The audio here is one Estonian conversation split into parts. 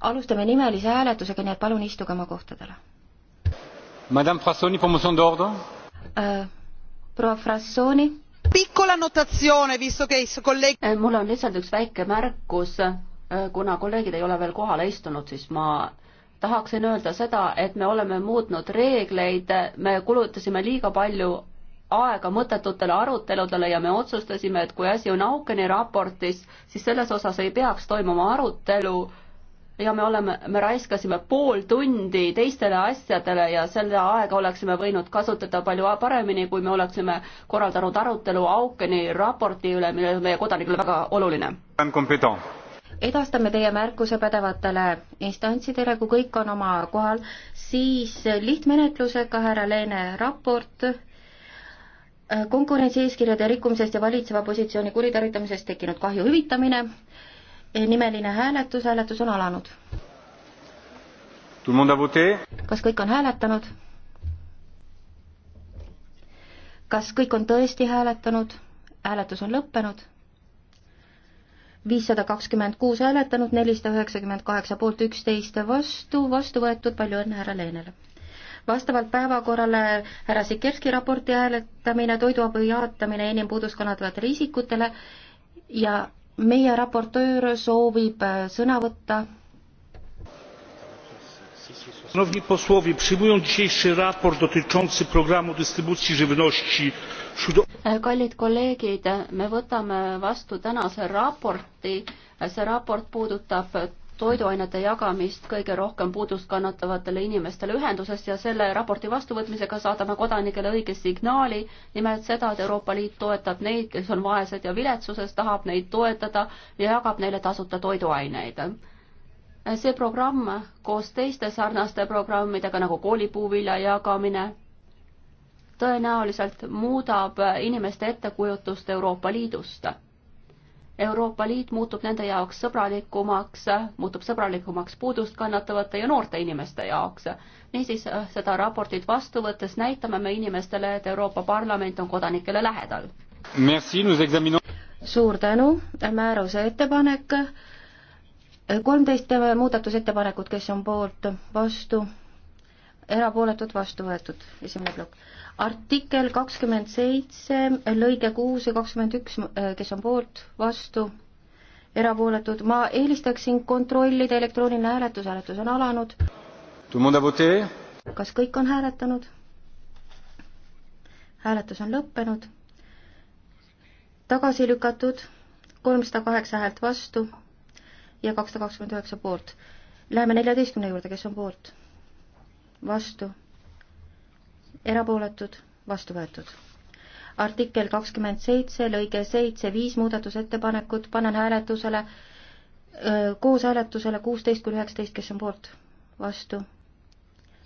alustame nimelise hääletusega, nii et palun istuge oma kohtadele. Äh, proua Frassoni. Äh, mul on lihtsalt üks väike märkus, äh, kuna kolleegid ei ole veel kohale istunud, siis ma tahaksin öelda seda, et me oleme muutnud reegleid, me kulutasime liiga palju aega mõttetutele aruteludele ja me otsustasime, et kui asi on Aukeni raportis, siis selles osas ei peaks toimuma arutelu ja me oleme, me raiskasime pool tundi teistele asjadele ja selle aega oleksime võinud kasutada palju paremini, kui me oleksime korraldanud arutelu Aukeni raporti üle, mille meie kodanikele väga oluline. edastame teie märkuse pädevatele instantsidele, kui kõik on oma kohal, siis lihtmenetlusega härra Leene raport Äh, konkurentsieeskirjade rikkumisest ja valitseva positsiooni kuritarvitamisest tekkinud kahju hüvitamine, äh, nimeline hääletus, hääletus on alanud. kas kõik on hääletanud? kas kõik on tõesti hääletanud? hääletus on lõppenud. viissada kakskümmend kuus hääletanud, nelisada üheksakümmend kaheksa poolt, üksteist vastu, vastu võetud, palju õnne härra Leenele! vastavalt päevakorrale härra Sikerski raporti hääletamine, toiduabi jaotamine enim puudust kannatavatele isikutele ja meie raportöör soovib äh, sõna võtta. Szanowni posłowie, przyjmując dzisiejszy raport dotyczący programu dystrybucji żywności wśród... Äh, kallid kolleegid, me võtame vastu tänase raporti. Äh, see raport puudutab toiduainete jagamist kõige rohkem puudust kannatavatele inimestele ühendusest ja selle raporti vastuvõtmisega saadame kodanikele õige signaali, nimelt seda, et Euroopa Liit toetab neid, kes on vaesed ja viletsuses, tahab neid toetada ja jagab neile tasuta toiduaineid. see programm koos teiste sarnaste programmidega nagu koolipuuvilja jagamine tõenäoliselt muudab inimeste ettekujutust Euroopa Liidust Euroopa Liit muutub nende jaoks sõbralikumaks, muutub sõbralikumaks puudust kannatavate ja noorte inimeste jaoks. niisiis, seda raportit vastu võttes näitame me inimestele, et Euroopa Parlament on kodanikele lähedal. suur tänu, määruse ettepanek, kolmteist muudatusettepanekut, kes on poolt, vastu, erapooletud, vastu võetud, esimene plokk artikkel kakskümmend seitse, lõige kuus ja kakskümmend üks, äh, kes on poolt, vastu, erapooletud, ma eelistaksin kontrollida elektrooniline hääletus, hääletus on alanud. kas kõik on hääletanud? hääletus on lõppenud. tagasi lükatud, kolmsada kaheksa häält vastu ja kakssada kakskümmend üheksa poolt. Läheme neljateistkümne juurde, kes on poolt? vastu erapooletud, vastu võetud. artikkel kakskümmend seitse, lõige seitse, viis muudatusettepanekut, panen hääletusele, koos hääletusele kuusteist kuni üheksateist, kes on poolt, vastu,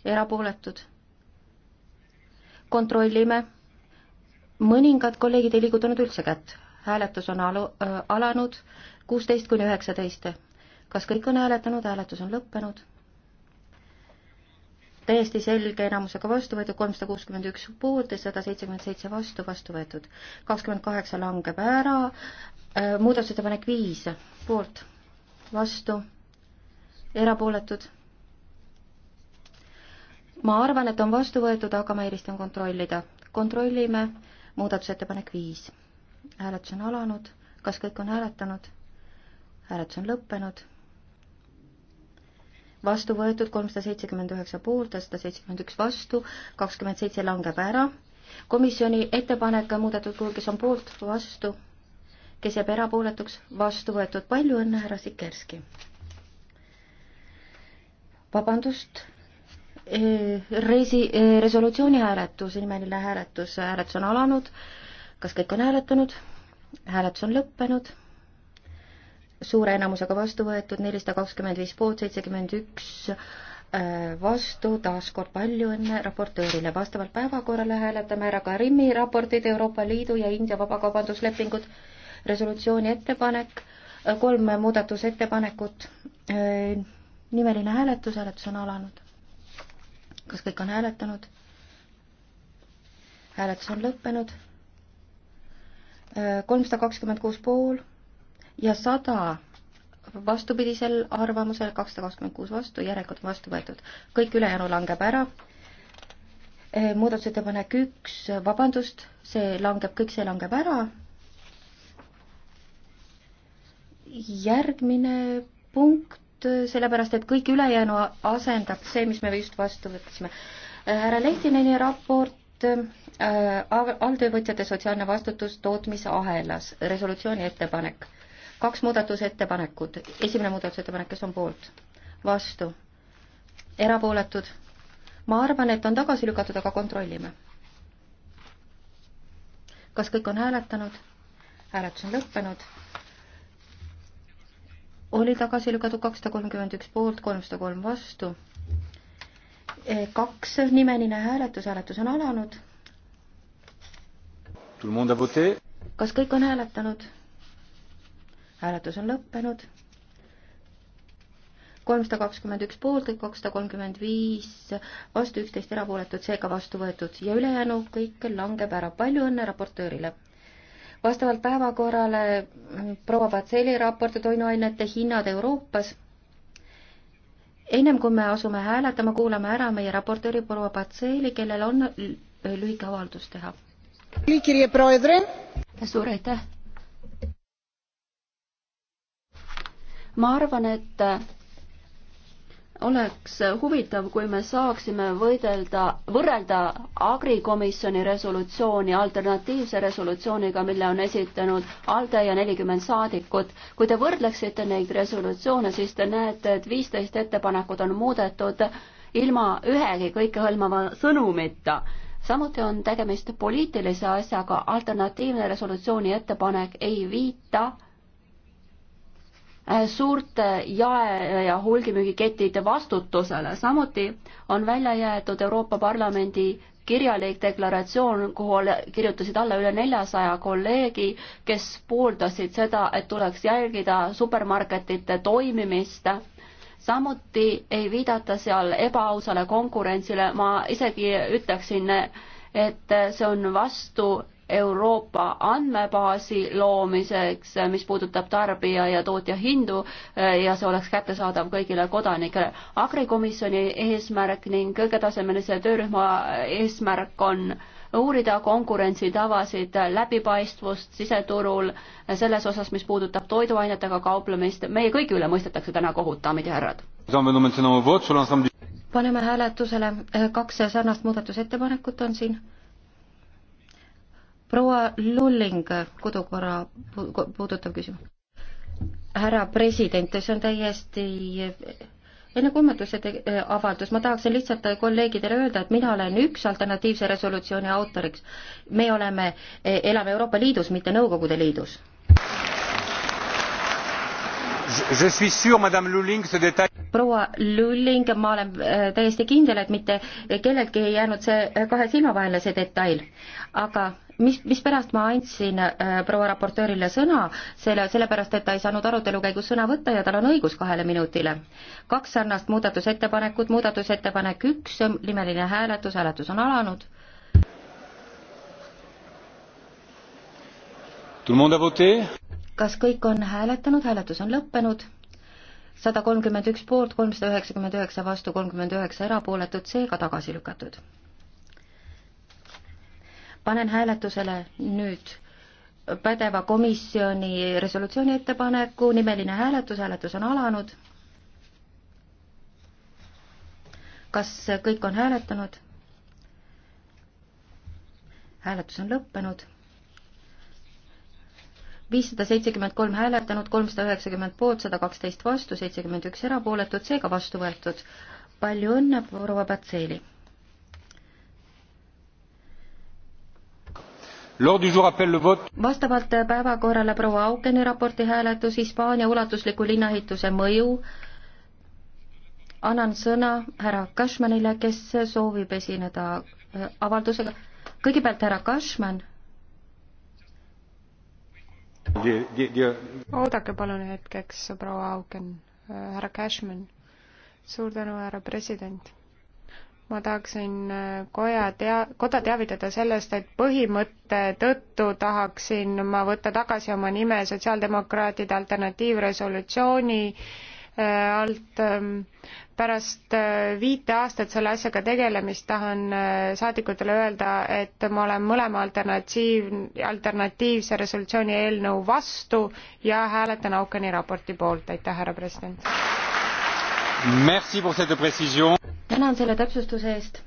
erapooletud. kontrollime, mõningad kolleegid ei liigutanud üldse kätt, hääletus on alu, äh, alanud kuusteist kuni üheksateist. kas kõik on hääletanud, hääletus on lõppenud täiesti selge enamusega vastu võetud, kolmsada kuuskümmend üks poolt ja sada seitsekümmend seitse vastu, vastu võetud. kakskümmend kaheksa langeb ära, äh, muudatusettepanek viis poolt, vastu, erapooletud. ma arvan, et on vastu võetud, aga ma eelistan kontrollida. kontrollime muudatusettepanek viis. hääletus on alanud, kas kõik on hääletanud? hääletus on lõppenud vastu võetud kolmsada seitsekümmend üheksa poolt ja sada seitsekümmend üks vastu, kakskümmend seitse langeb ära. komisjoni ettepanek muudetud kujul, kes on poolt, vastu, kes jääb erapooletuks, vastu võetud, palju õnne, härra Sikerski! vabandust, e, resi-, e, resolutsiooni hääletus, nimeline hääletus, hääletus on alanud, kas kõik on hääletanud? hääletus on lõppenud suure enamusega vastu võetud, nelisada kakskümmend viis poolt, seitsekümmend üks äh, vastu, taas kord palju õnne raportöörile. vastavalt päevakorrale hääletame ära ka Rimmi raportid, Euroopa Liidu ja India vabakaubanduslepingud, resolutsiooni ettepanek, äh, kolm muudatusettepanekut, äh, nimeline hääletus, hääletus on alanud. kas kõik on hääletanud? hääletus on lõppenud. kolmsada kakskümmend kuus pool ja sada vastupidisel arvamusel, kakssada kakskümmend kuus vastu, järelikult vastu võetud. kõik ülejäänu langeb ära. Eh, muudatusettepanek üks, vabandust, see langeb, kõik see langeb ära. järgmine punkt, sellepärast et kõik ülejäänu asendab see, mis me just vastu võtsime. Eh, härra Lehtineni raport eh, alltöövõtjate sotsiaalne vastutus tootmisahelas, resolutsiooni ettepanek kaks muudatusettepanekut, esimene muudatusettepanek, kes on poolt, vastu, erapooletud, ma arvan, et on tagasi lükatud, aga kontrollime. kas kõik on hääletanud? hääletus on lõppenud. oli tagasi lükatud kakssada kolmkümmend üks poolt, kolmsada kolm vastu. E, kaks nimeline hääletus, hääletus on alanud. kas kõik on hääletanud? hääletus on lõppenud. kolmsada kakskümmend üks poolt, kakssada kolmkümmend viis vastu, üksteist erapooletut, seega vastu võetud ja ülejäänu kõik langeb ära. palju õnne raportöörile! vastavalt päevakorrale proua Patseli raport toiduainete hinnad Euroopas. ennem kui me asume hääletama, kuulame ära meie raportööri proua Patseli, kellel on lühike avaldus teha. suur aitäh! ma arvan, et äh, oleks huvitav, kui me saaksime võidelda, võrrelda agrikomisjoni resolutsiooni alternatiivse resolutsiooniga, mille on esitanud ALDE ja nelikümmend saadikut. kui te võrdleksite neid resolutsioone, siis te näete, et viisteist ettepanekut on muudetud ilma ühegi kõikehõlmava sõnumita. samuti on tegemist poliitilise asjaga, alternatiivne resolutsiooni ettepanek ei viita Äh, suurte jae- ja hulgimüügikettide vastutusele. samuti on välja jäetud Euroopa Parlamendi kirjalik deklaratsioon, kuhu kirjutasid alla üle neljasaja kolleegi, kes pooldasid seda, et tuleks jälgida supermarketite toimimist. samuti ei viidata seal ebaausale konkurentsile, ma isegi ütleksin, et see on vastu Euroopa andmebaasi loomiseks, mis puudutab tarbija ja tootja hindu eh, ja see oleks kättesaadav kõigile kodanikele. agrikomisjoni eesmärk ning kõrgetasemelise töörühma eesmärk on uurida konkurentsitavasid, läbipaistvust siseturul, selles osas, mis puudutab toiduainetega kauplemist, meie kõigi üle mõistetakse täna kohut, daamid ja härrad. paneme hääletusele, kaks sarnast muudatusettepanekut on siin proua Lulling, kodukorra puudutav küsimus. härra president, see on täiesti ennekummutuse avaldus, ma tahaksin lihtsalt kolleegidele öelda, et mina olen üks alternatiivse resolutsiooni autoriks. me oleme, e-, elame Euroopa Liidus, mitte Nõukogude Liidus proua Lulling, ma olen äh, täiesti kindel, et mitte kellelgi ei jäänud see äh, kahe silma vahele, see detail. aga mis, mispärast ma andsin äh, proua raportöörile sõna, selle, sellepärast et ta ei saanud arutelu käigus sõna võtta ja tal on õigus kahele minutile. kaks sarnast muudatusettepanekut, muudatusettepanek üks, nimeline hääletus, hääletus on alanud. Tout le monde a voté kas kõik on hääletanud, hääletus on lõppenud? sada kolmkümmend üks poolt, kolmsada üheksakümmend üheksa vastu, kolmkümmend üheksa erapooletut, seega tagasi lükatud. panen hääletusele nüüd pädeva komisjoni resolutsiooni ettepaneku, nimeline hääletus, hääletus on alanud. kas kõik on hääletanud? hääletus on lõppenud viissada seitsekümmend kolm hääletanud, kolmsada üheksakümmend poolt, sada kaksteist vastu, seitsekümmend üks erapooletut, seega vastu võetud. palju õnne, proua Patseli! vastavalt päevakorrale proua Aukeni raporti hääletus Hispaania ulatusliku linnaehituse mõju annan sõna härra Kašmanile, kes soovib esineda äh, avaldusega. kõigepealt härra Kašman oodake palun hetkeks, proua Auken, äh, härra Cashman. suur tänu, härra president ma tahaksin äh, koja tea-, koda teavitada sellest, et põhimõtte tõttu tahaksin ma võtta tagasi oma nime sotsiaaldemokraatide alternatiivresolutsiooni äh, Äh, alt. Ähm, pärast äh, viite aastat selle asjaga tegelemist tahan äh, saadikutele öelda, et ma olen mõlema alternatiiv, alternatiivse resolutsiooni eelnõu vastu ja hääletan Aukeni raporti poolt, aitäh, härra president! tänan selle täpsustuse eest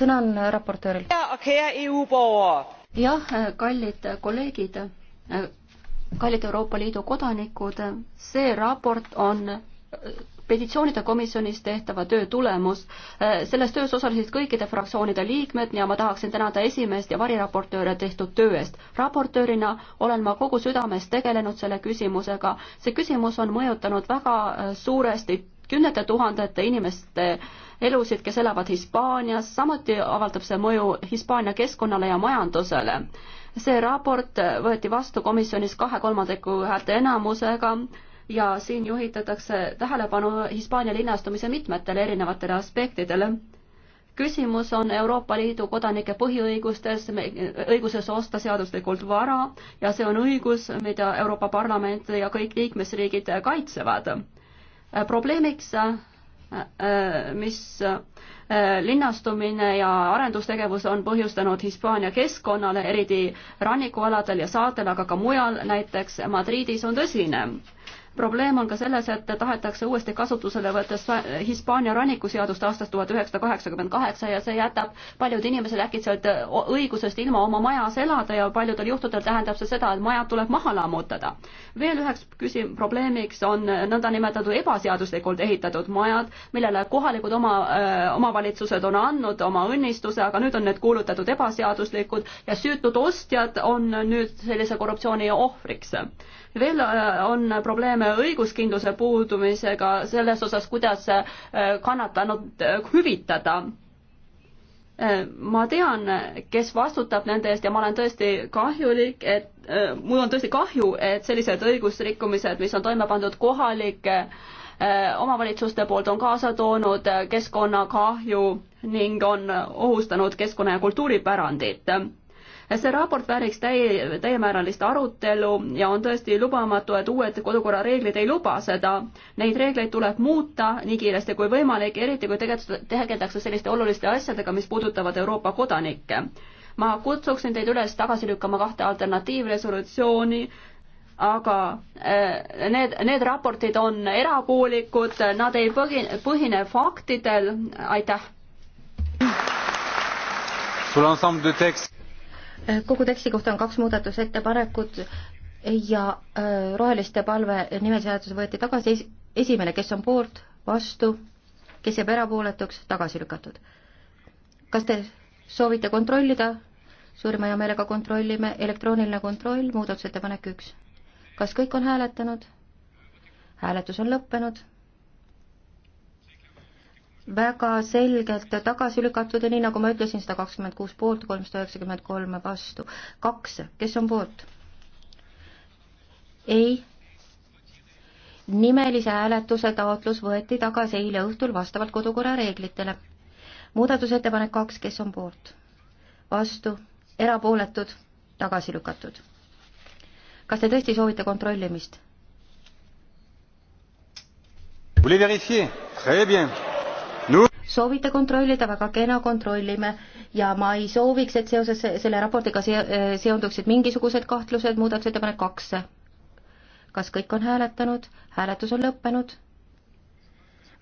sõna on raportööril. E jah, kallid kolleegid, kallid Euroopa Liidu kodanikud, see raport on äh, petitsioonide komisjonis tehtava töö tulemus. Äh, selles töös osalesid kõikide fraktsioonide liikmed ja ma tahaksin tänada esimeest ja variraportööre tehtud töö eest. raportöörina olen ma kogu südames tegelenud selle küsimusega. see küsimus on mõjutanud väga äh, suuresti kümnete tuhandete inimeste elusid, kes elavad Hispaanias, samuti avaldab see mõju Hispaania keskkonnale ja majandusele see raport võeti vastu komisjonis kahe kolmandiku häälte enamusega ja siin juhitatakse tähelepanu Hispaania linnastumise mitmetele erinevatele aspektidele. küsimus on Euroopa Liidu kodanike põhiõigustes, õiguses osta seaduslikult vara ja see on õigus, mida Euroopa Parlament ja kõik liikmesriigid kaitsevad. probleemiks mis äh, linnastumine ja arendustegevus on põhjustanud Hispaania keskkonnale, eriti rannikualadel ja saartel, aga ka mujal, näiteks Madridis on tõsine probleem on ka selles, et tahetakse uuesti kasutusele võtta Hispaania rannikuseadust aastast tuhat üheksasada kaheksakümmend kaheksa ja see jätab paljud inimesed äkitselt õigusest ilma oma majas elada ja paljudel juhtudel tähendab see seda, et majad tuleb maha lammutada. veel üheks küsim-, probleemiks on nõndanimetatud ebaseaduslikult ehitatud majad, millele kohalikud oma, omavalitsused on andnud oma õnnistuse, aga nüüd on need kuulutatud ebaseaduslikud ja süütud ostjad on nüüd sellise korruptsiooni ohvriks veel äh, on probleeme õiguskindluse puudumisega selles osas, kuidas äh, kannatanud äh, hüvitada. ma tean, kes vastutab nende eest ja ma olen tõesti kahjulik, et mul on tõesti kahju, et sellised õigusrikkumised, mis on toime pandud kohalike omavalitsuste poolt on kaasa toonud keskkonnakahju ning on ohustanud keskkonna ja kultuuripärandit see raport vääriks täie, täiemääralist arutelu ja on tõesti lubamatu, et uued kodukorra reeglid ei luba seda. Neid reegleid tuleb muuta nii kiiresti kui võimalik, eriti kui tegeldakse selliste oluliste asjadega, mis puudutavad Euroopa kodanikke. ma kutsuksin teid üles tagasi lükkama kahte alternatiivresolutsiooni, aga äh, need, need raportid on erapoolikud, nad ei põhi, põhine faktidel, aitäh. sur l'ensemble de texte kogu teksti kohta on kaks muudatusettepanekut ja äh, Roheliste palve nimeseadus võeti tagasi, esimene, kes on poolt, vastu, kes jääb erapooletuks, tagasi lükatud. kas te soovite kontrollida? suurima hea meelega kontrollime, elektrooniline kontroll, muudatusettepanek üks. kas kõik on hääletanud? hääletus on lõppenud väga selgelt tagasi lükatud ja nii nagu ma ütlesin, sada kakskümmend kuus poolt, kolmsada üheksakümmend kolm vastu. kaks, kes on poolt? ei. nimelise hääletuse taotlus võeti tagasi eile õhtul vastavalt kodukorra reeglitele. muudatusettepanek kaks, kes on poolt? vastu, erapooletud, tagasi lükatud. kas te tõesti soovite kontrollimist? Vous voulez vérifier? Très bien soovite kontrollida, väga kena, kontrollime ja ma ei sooviks, et seoses selle raportiga se-, eh, seonduksid mingisugused kahtlused, muudatusettepanek kaks. kas kõik on hääletanud? hääletus on lõppenud.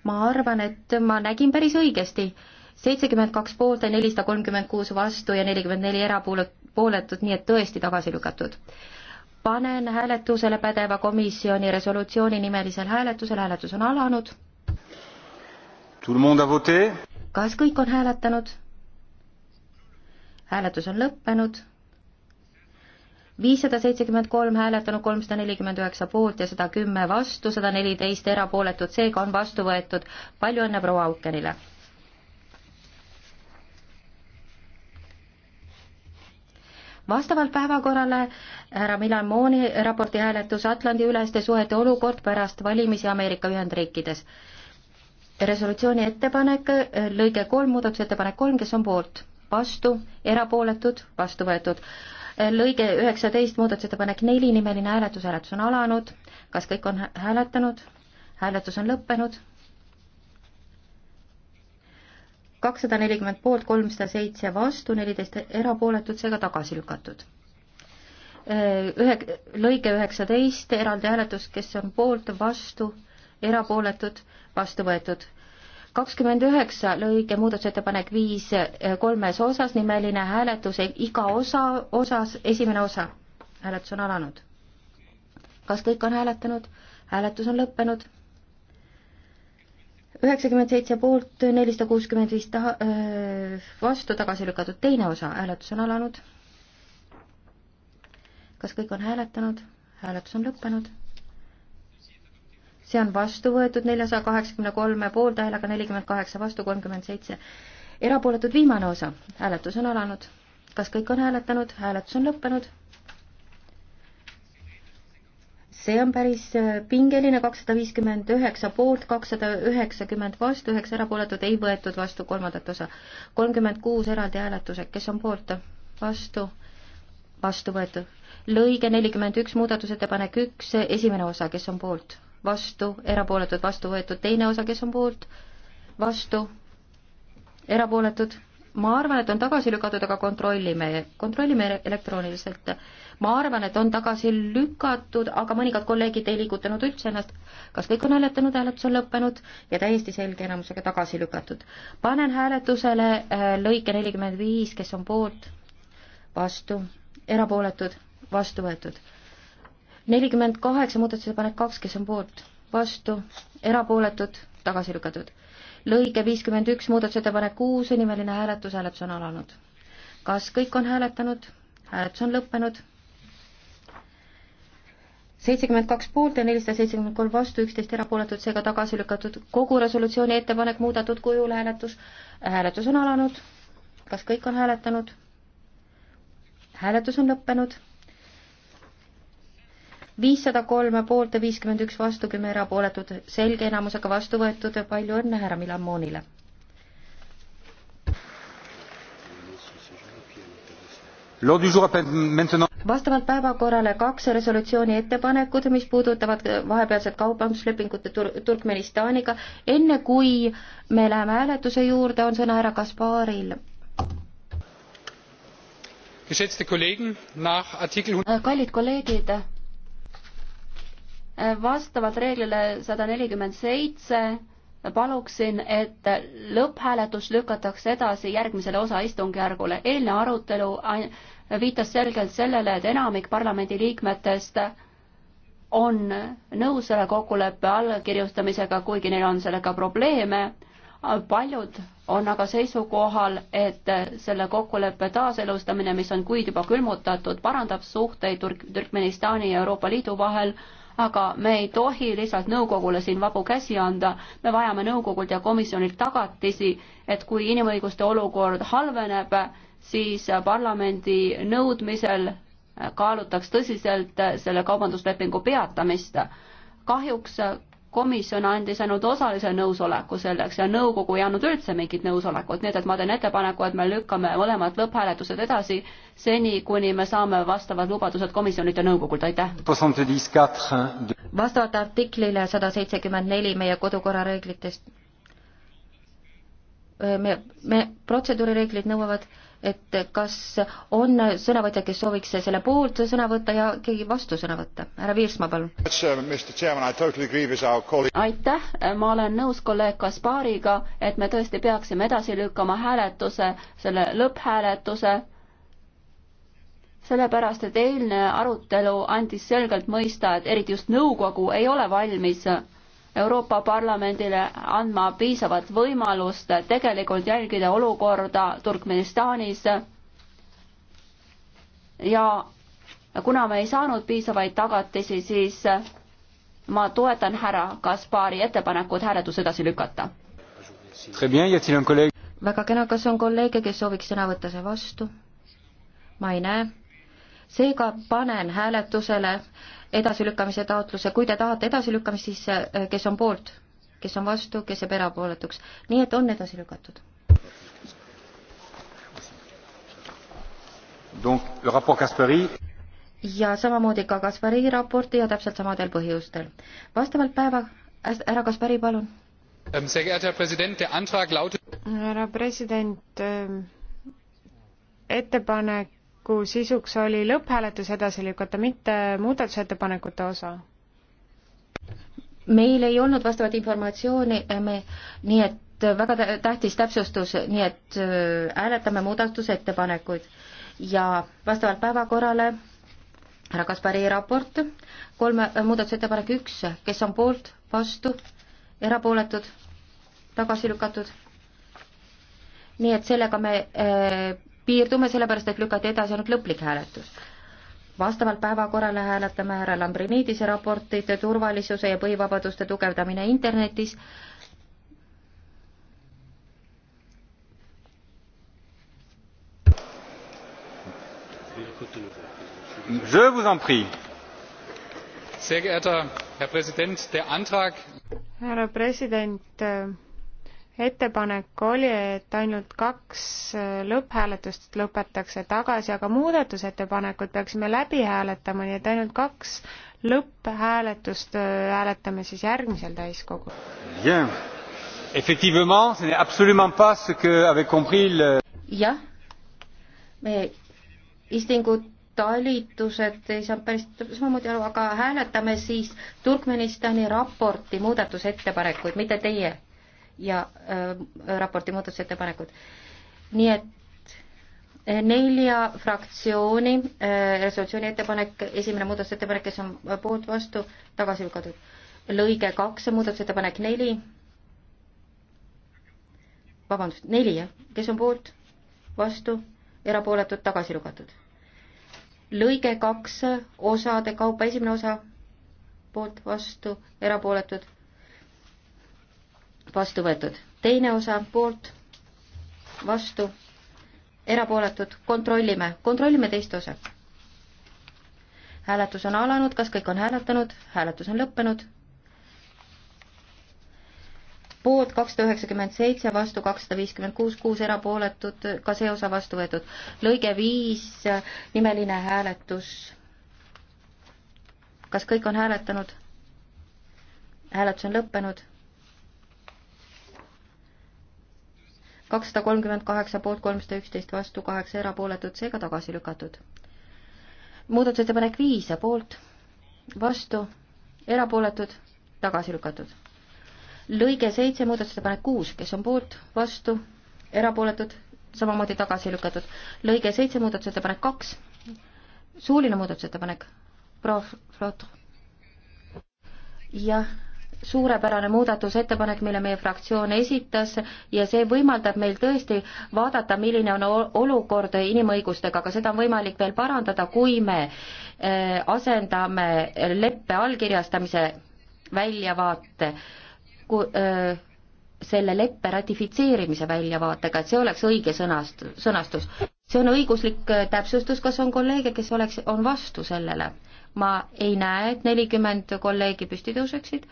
ma arvan, et ma nägin päris õigesti. seitsekümmend kaks poolt ja nelisada kolmkümmend kuus vastu ja nelikümmend neli erapooletut, nii et tõesti tagasi lükatud. panen hääletusele pädeva komisjoni resolutsiooni nimelisel hääletusel, hääletus on alanud kas kõik on hääletanud? hääletus on lõppenud. viissada seitsekümmend kolm hääletanud, kolmsada nelikümmend üheksa poolt ja sada kümme vastu, sada neliteist erapooletut, seega on vastu võetud. palju õnne proua Aukenile! vastavalt päevakorrale härra Milan Mooni raporti hääletus Atlandi üleste suhete olukord pärast valimisi Ameerika Ühendriikides resolutsiooni ettepanek, äh, lõige kolm, muudatusettepanek kolm, kes on poolt, vastu, erapooletud, vastu võetud. Äh, lõige üheksateist, muudatusettepanek neli, nimeline hääletus, hääletus on alanud. kas kõik on hääletanud? hääletus on lõppenud. kakssada nelikümmend poolt, kolmsada seitse vastu, neliteist erapooletut, seega tagasi lükatud. Äh, ühe, lõige üheksateist, eraldi hääletus, kes on poolt, vastu, erapooletud vastu võetud. kakskümmend üheksa lõige muudatusettepanek viis eh, kolmes osas, nimeline hääletus iga osa osas, esimene osa. hääletus on alanud. kas kõik on hääletanud? hääletus on lõppenud. üheksakümmend seitse poolt, nelisada kuuskümmend viis taha, eh, vastu tagasi lükatud teine osa, hääletus on alanud. kas kõik on hääletanud? hääletus on lõppenud see on vastu võetud neljasaja kaheksakümne kolme pooltähelaga nelikümmend kaheksa vastu kolmkümmend seitse. erapooletud viimane osa, hääletus on alanud. kas kõik on hääletanud, hääletus on lõppenud? see on päris äh, pingeline, kakssada viiskümmend üheksa poolt, kakssada üheksakümmend vastu, üheksa erapooletut ei võetud vastu kolmandat osa. kolmkümmend kuus eraldi hääletused, kes on poolt, vastu, vastu võetud. lõige nelikümmend üks, muudatusettepanek üks, esimene osa, kes on poolt vastu, erapooletud, vastu võetud, teine osa, kes on poolt, vastu, erapooletud, ma arvan, et on tagasi lükatud, aga kontrollime, kontrollime elektrooniliselt. ma arvan, et on tagasi lükatud, aga mõningad kolleegid ei liigutanud üldse ennast. kas kõik on hääletanud, hääletus on lõppenud ja täiesti selge enamusega tagasi lükatud. panen hääletusele äh, lõike nelikümmend viis, kes on poolt, vastu, erapooletud, vastu võetud nelikümmend kaheksa muudatusettepanek kaks, kes on poolt, vastu, erapooletud, tagasi lükatud. lõige viiskümmend üks, muudatusettepanek kuus, nimeline hääletus, hääletus on alanud. kas kõik on hääletanud? hääletus on lõppenud. seitsekümmend kaks poolt ja nelisada seitsekümmend kolm vastu, üksteist erapooletut, seega tagasi lükatud. kogu resolutsiooni ettepanek muudetud kujul hääletus, hääletus on alanud. kas kõik on hääletanud? hääletus on lõppenud viissada kolme poolt ja viiskümmend üks vastu, kümme erapooletut, selge enamusega vastu võetud, palju õnne härra Milamonile. vastavalt päevakorrale kaks resolutsiooni ettepanekut, mis puudutavad vahepealset kaubanduslepingut Tur Turkmenistaniga. enne kui me läheme hääletuse juurde, on sõna härra Kasparil kallid kolleegid vastavalt reeglile sada nelikümmend seitse paluksin, et lõpphääletus lükatakse edasi järgmisele osaistungjärgule. eelne arutelu viitas selgelt sellele, et enamik parlamendiliikmetest on nõus selle kokkuleppe allkirjustamisega, kuigi neil on sellega probleeme. paljud on aga seisukohal, et selle kokkuleppe taaselustamine, mis on kuid juba külmutatud, parandab suhteid Türk-, Türkmenistani ja Euroopa Liidu vahel aga me ei tohi lihtsalt nõukogule siin vabu käsi anda, me vajame nõukogult ja komisjonilt tagatisi, et kui inimõiguste olukord halveneb, siis parlamendi nõudmisel kaalutaks tõsiselt selle kaubanduslepingu peatamist. kahjuks komisjon andis ainult osalise nõusoleku selleks ja nõukogu ei andnud üldse mingit nõusolekut, nii et, et ma teen ettepaneku, et me lükkame mõlemad lõpphääletused edasi seni, kuni me saame vastavad lubadused komisjonilt ja nõukogult, aitäh. vastavalt artiklile sada seitsekümmend neli meie kodukorra reeglitest me, me protseduurireeglid nõuavad et kas on sõnavõtja, kes sooviks selle poolt sõna võtta ja keegi vastu sõna võtta. härra Viirsma, palun. aitäh, ma olen nõus kolleeg Kaspariga, et me tõesti peaksime edasi lükkama hääletuse, selle lõpphääletuse, sellepärast et eilne arutelu andis selgelt mõista, et eriti just nõukogu ei ole valmis Euroopa Parlamendile andma piisavat võimalust tegelikult jälgida olukorda Turkmenistanis ja kuna me ei saanud piisavaid tagatisi, siis ma toetan härra Kaspari ettepanekut hääletus edasi lükata. väga kena, kas on kolleege, kes sooviks sõna võtta see vastu? ma ei näe seega panen hääletusele edasilükkamise taotluse, kui te tahate edasilükkamist, siis äh, kes on poolt, kes on vastu, kes jääb erapooletuks, nii et on edasi lükatud. ja samamoodi ka Kaspari raporti ja täpselt samadel põhjustel. vastavalt päeva, härra Kaspari, palun. Ähm, härra president, ähm, ettepanek ettepaneku sisuks oli lõpphääletus edasi lükata, mitte muudatusettepanekute osa? meil ei olnud vastavat informatsiooni, me, nii et väga tähtis täpsustus, nii et äh, hääletame muudatusettepanekuid ja vastavalt päevakorrale härra Kaspari raport, kolme, äh, muudatusettepanek üks, kes on poolt, vastu, erapooletud, tagasi lükatud. nii et sellega me äh, piirdume, sellepärast et lükati edasi ainult lõplik hääletus. vastavalt päevakorrale hääletame härra Lambrinidise raportit Turvalisuse ja põhivabaduste tugevdamine internetis. Je vous en prie. Sehr geehrter Herr Präsident, der Antrag. Herr Präsident, äh, ettepanek oli, et ainult kaks lõpphääletust lõpetakse tagasi, aga muudatusettepanekud peaksime läbi hääletama, nii et ainult kaks lõpphääletust hääletame siis järgmisel täiskogul. jah, meie istingut talitused ei saanud päris samamoodi aru, aga hääletame siis Turkmenistani raporti muudatusettepanekuid, mitte teie ja äh, raporti muudatusettepanekud. nii et äh, nelja fraktsiooni äh, resolutsiooni ettepanek, esimene muudatusettepanek, kes on poolt, vastu, tagasi lükatud. lõige kaks, muudatusettepanek neli, vabandust, neli, jah, kes on poolt, vastu, erapooletud, tagasi lükatud. lõige kaks, osade kaupa, esimene osa, poolt, vastu, erapooletud, vastu võetud. teine osa poolt, vastu, erapooletud, kontrollime, kontrollime teist osa. hääletus on alanud, kas kõik on hääletanud, hääletus on lõppenud. poolt kakssada üheksakümmend seitse, vastu kakssada viiskümmend kuus, kuus erapooletut, ka see osa vastu võetud. lõige viis, nimeline hääletus. kas kõik on hääletanud? hääletus on lõppenud kakssada kolmkümmend kaheksa poolt, kolmsada üksteist vastu, kaheksa erapooletut, seega tagasi lükatud. muudatusettepanek viis poolt, vastu, erapooletud, tagasi lükatud. lõige seitse, muudatusettepanek kuus, kes on poolt, vastu, erapooletud, samamoodi tagasi lükatud. lõige seitse, muudatusettepanek kaks, suuline muudatusettepanek, proua Flotr. jah suurepärane muudatusettepanek, mille meie fraktsioon esitas ja see võimaldab meil tõesti vaadata, milline on olukord inimõigustega, aga seda on võimalik veel parandada, kui me äh, asendame leppe allkirjastamise väljavaate ku, öö, äh, selle leppe ratifitseerimise väljavaatega, et see oleks õige sõnast, sõnastus. see on õiguslik äh, täpsustus, kas on kolleege, kes oleks, on vastu sellele? ma ei näe, et nelikümmend kolleegi püsti tõuseksid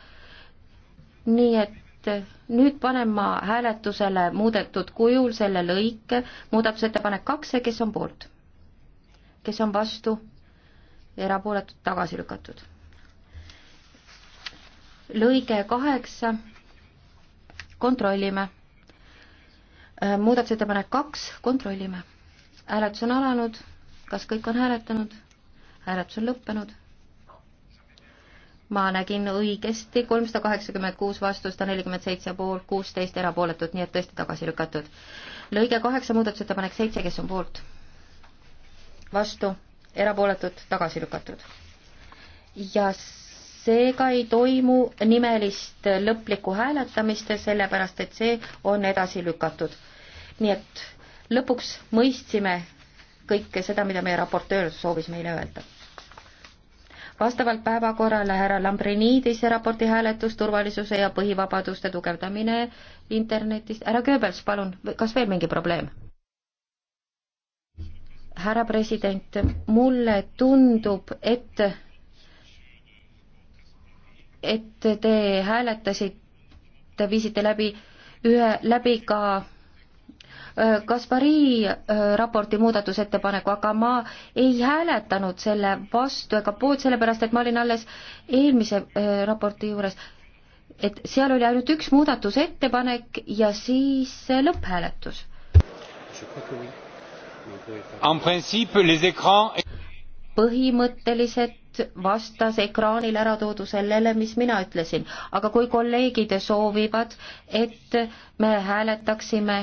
nii et äh, nüüd panen ma hääletusele muudetud kujul selle lõike, muudatusettepanek kaks ja kes on poolt? kes on vastu? erapooletud tagasi lükatud. lõige kaheksa, kontrollime. Äh, muudatusettepanek kaks, kontrollime. hääletus on alanud, kas kõik on hääletanud? hääletus on lõppenud ma nägin õigesti, kolmsada kaheksakümmend kuus vastust, sada nelikümmend seitse poolt, kuusteist erapooletut, nii et tõesti tagasi lükatud. lõige kaheksa, muudatusettepanek seitse, kes on poolt? vastu, erapooletud, tagasi lükatud. ja seega ei toimu nimelist lõplikku hääletamist, sellepärast et see on edasi lükatud. nii et lõpuks mõistsime kõike seda, mida meie raportöör soovis meile öelda vastavalt päevakorrale härra Lambriniidise raporti hääletus turvalisuse ja põhivabaduste tugevdamine internetist. härra Goebbels, palun, kas veel mingi probleem? härra president, mulle tundub, et, et te hääletasite, viisite läbi ühe, läbi ka Äh, Kaspari äh, raporti muudatusettepaneku, aga ma ei hääletanud selle vastu ega poolt, sellepärast et ma olin alles eelmise äh, raporti juures. et seal oli ainult üks muudatusettepanek ja siis lõpphääletus. põhimõtteliselt vastas ekraanil ära toodu sellele, mis mina ütlesin, aga kui kolleegid soovivad, et me hääletaksime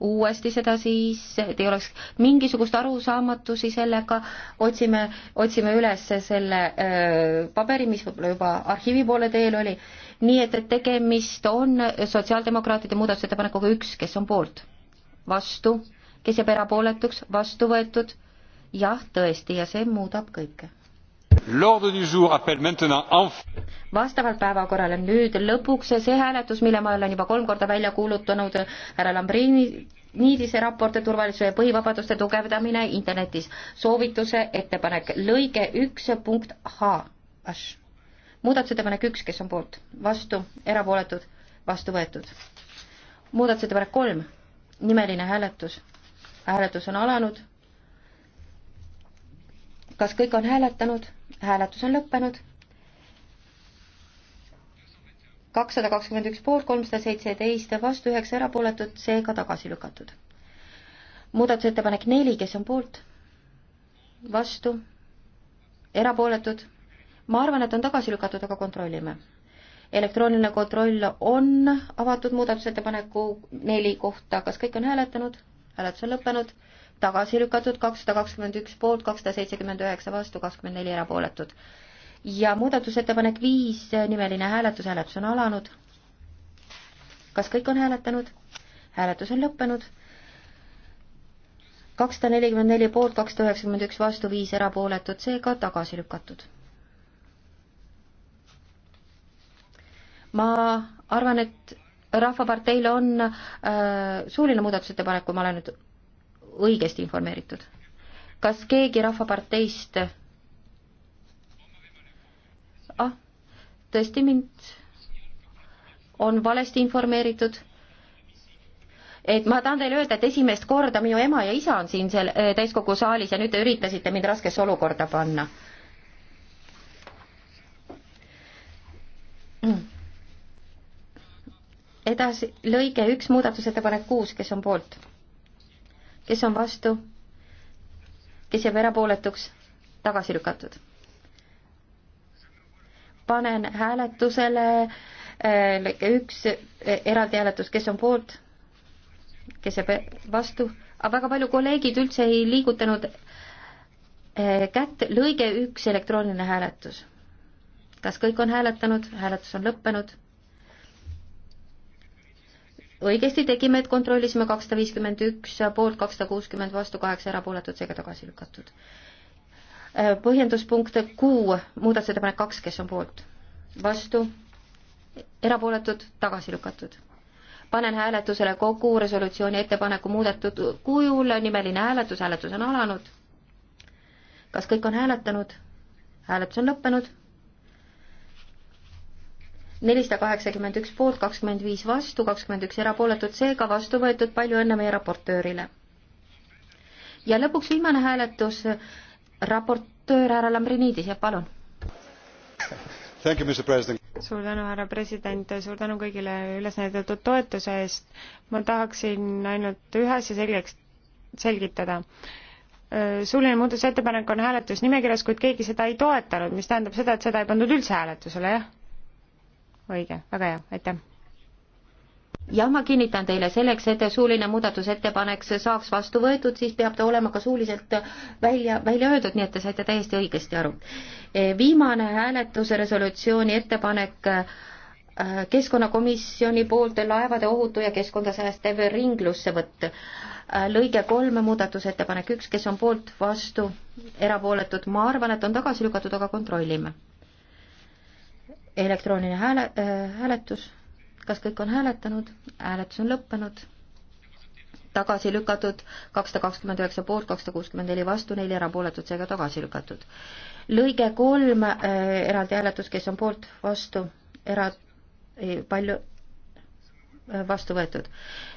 uuesti seda siis, et ei oleks mingisugust arusaamatusi sellega, otsime, otsime üles selle öö, paberi, mis võib-olla juba arhiivi poole teel oli, nii et, et tegemist on sotsiaaldemokraatide muudatusettepanekuga üks, kes on poolt, vastu, kes jääb erapooletuks, vastu võetud, jah, tõesti, ja see muudab kõike vastavalt päevakorrale nüüd lõpuks see hääletus, mille ma olen juba kolm korda välja kuulutanud, härra Lambrini Niidise raport turvalisuse ja põhivabaduste tugevdamine internetis. soovituse ettepanek lõige üks punkt H. muudatusettepanek üks, kes on poolt, vastu, erapooletud, vastu võetud. muudatusettepanek kolm, nimeline hääletus. hääletus on alanud. kas kõik on hääletanud? hääletus on lõppenud. kakssada kakskümmend üks poolt, kolmsada seitseteist vastu, üheksa erapooletut, seega tagasi lükatud. muudatusettepanek neli, kes on poolt? vastu? erapooletud? ma arvan, et on tagasi lükatud, aga kontrollime. elektrooniline kontroll on avatud muudatusettepaneku neli kohta, kas kõik on hääletanud? hääletus on lõppenud tagasi lükatud, kakssada kakskümmend üks poolt, kakssada seitsekümmend üheksa vastu, kakskümmend neli erapooletut. ja muudatusettepanek viis, nimeline hääletus, hääletus on alanud. kas kõik on hääletanud? hääletus on lõppenud. kakssada nelikümmend neli poolt, kakssada üheksakümmend üks vastu, viis erapooletut, seega tagasi lükatud. ma arvan, et Rahvaparteil on äh, suuline muudatusettepanek, kui ma olen nüüd õigesti informeeritud. kas keegi Rahvaparteist ah, tõesti mind on valesti informeeritud? et ma tahan teile öelda, et esimest korda minu ema ja isa on siin seal äh, täiskogu saalis ja nüüd te üritasite mind raskesse olukorda panna. edasi, lõige üks, muudatusettepanek kuus, kes on poolt? kes on vastu, kes jääb erapooletuks, tagasi lükatud. panen hääletusele lõike äh, üks äh, eraldi hääletus, kes on poolt, kes jääb vastu, aga väga palju kolleegid üldse ei liigutanud äh, kätt, lõige üks elektrooniline hääletus. kas kõik on hääletanud, hääletus on lõppenud õigesti tegime, et kontrollisime kakssada viiskümmend üks poolt, kakssada kuuskümmend vastu, kaheksa erapooletut, seega tagasi lükatud. Äh, põhjenduspunkt Q, muudatusettepanek kaks, kes on poolt, vastu, erapooletud, tagasi lükatud. panen hääletusele kogu resolutsiooni ettepaneku muudetud kujul, nimeline hääletus, hääletus on alanud. kas kõik on hääletanud? hääletus on lõppenud nelisada kaheksakümmend üks poolt, kakskümmend viis vastu, kakskümmend üks erapooletut, seega vastu võetud, palju õnne meie raportöörile. ja lõpuks viimane hääletus, raportöör härra Lambrinidis, jah, palun suur tänu härra president suur tänu kõigile üles näidatud toetuse eest ma tahaksin ainult ühe asja selgeks selgitada äh, suuline muudatusettepanek on hääletusnimekirjas kuid keegi seda ei toetanud mis tähendab seda et seda ei pandud üldse hääletusele jah õige, väga hea, aitäh. jah, ma kinnitan teile, selleks, et suuline muudatusettepanek saaks vastu võetud, siis peab ta olema ka suuliselt välja, välja öeldud, nii et te saite täiesti õigesti aru. E, viimane hääletuse resolutsiooni ettepanek e, keskkonnakomisjoni poolt laevade ohutu ja keskkonda säästev ringlussevõtt. E, lõige kolm, muudatusettepanek üks, kes on poolt, vastu, erapooletud, ma arvan, et on tagasi lükatud, aga kontrollime elektrooniline hääle, äh, hääletus, kas kõik on hääletanud, hääletus on lõppenud, tagasi lükatud, kakssada kakskümmend üheksa poolt, kakssada kuuskümmend neli vastu, neli erapooletut, seega tagasi lükatud. lõige kolm äh, eraldi hääletus, kes on poolt, vastu, era-, palju äh,, vastu võetud.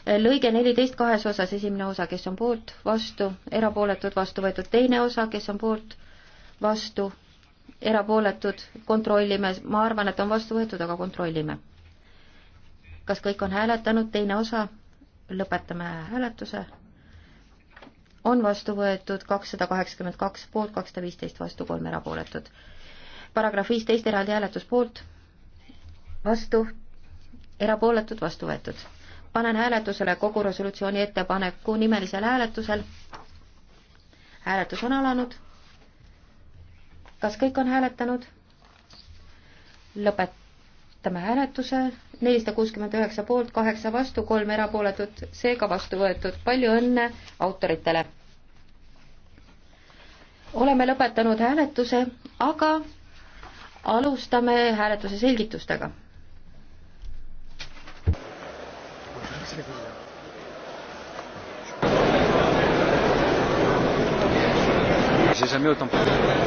Äh, lõige neliteist kahes osas, esimene osa, kes on poolt, vastu, erapooletud, vastu võetud, teine osa, kes on poolt, vastu, erapooletud, kontrollime, ma arvan, et on vastu võetud, aga kontrollime. kas kõik on hääletanud, teine osa, lõpetame hääletuse, on vastu võetud kakssada kaheksakümmend kaks poolt, kakssada viisteist vastu, kolm erapooletut. paragrahv viisteist eraldi hääletus poolt, vastu, erapooletud, vastu võetud. panen hääletusele kogu resolutsiooni ettepaneku nimelisel hääletusel. hääletus on alanud kas kõik on hääletanud? lõpetame hääletuse, nelisada kuuskümmend üheksa poolt, kaheksa vastu, kolm erapooletut, seega vastu võetud. palju õnne autoritele! oleme lõpetanud hääletuse, aga alustame hääletuse selgitustega. J'ai jamais autant parlé.